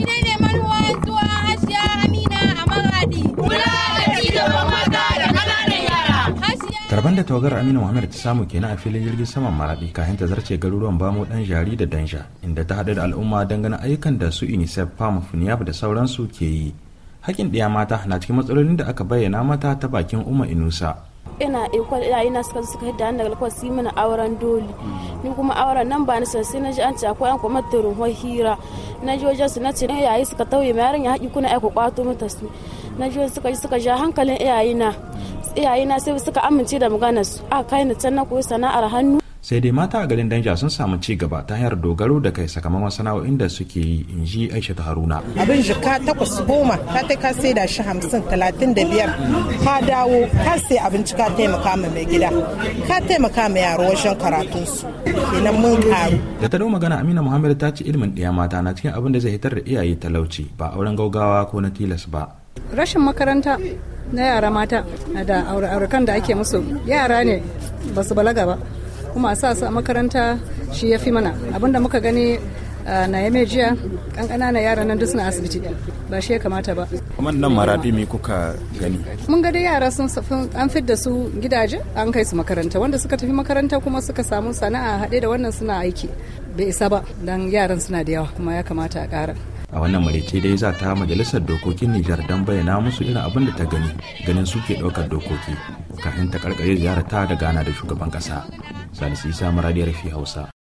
menene zuwa amina a maradi kula da cigaban mata da yara karban da tawagar amina muhammad ta samu kenan a filin jirgin saman maradi kafin ta zarce garuruwan bamu ɗan jari da danja inda ta haɗu da al'umma dangane ayyukan da su unicef fam funiyab da sauransu ke yi hakin ɗaya mata na cikin matsalolin da aka bayyana mata ta bakin umar inusa ina ikon ina ina suka suka hidda an daga su mana auren doli ni kuma auren nan ba ni san sai na ji an ce akwai an kuma turin hira na ji wajen su na ce yayi suka tauye mai yarin ya haƙi kuna aiko kwato mata su na ji suka ji suka ja hankalin iyayena iyayena sai suka amince da maganar su a kai na can na koyi sana'ar hannu sai dai mata a garin danja sun samu ci gaba ta hanyar dogaro da kai sakamakon sana'o'in da suke yi in ji aisha ta haruna abin jika takwas goma ka ta ka sai da shi hamsin talatin da biyar ka dawo ka sai abinci ka taimaka ma mai gida ka taimaka ma yaro wajen karatunsu kenan mun karu da ta magana amina muhammad ta ci ilimin ɗaya mata na cikin abin da zai hitar da iyaye talauci ba auren gaugawa ko na tilas ba rashin makaranta na yara mata da aure-aurekan da ake musu yara ne ba su balaga ba kuma a sa makaranta shi ya fi mana abinda muka gani na yame jiya kan ƙanana yaran nan duk suna asibiti ba shi ya kamata ba kuma nan marabi me kuka gani mun ga dai yara sun an fi da su gidaje an kai su makaranta wanda suka tafi makaranta kuma suka samu sana'a haɗe da wannan suna aiki bai isa ba dan yaran suna da yawa kuma ya kamata a ƙara a wannan marice dai za ta majalisar dokokin nijar don bayyana musu irin abin da ta gani ganin suke ɗaukar dokoki kafin ta karkare ziyarar ta da gana da shugaban ƙasa salisu isa maradiyar fi hausa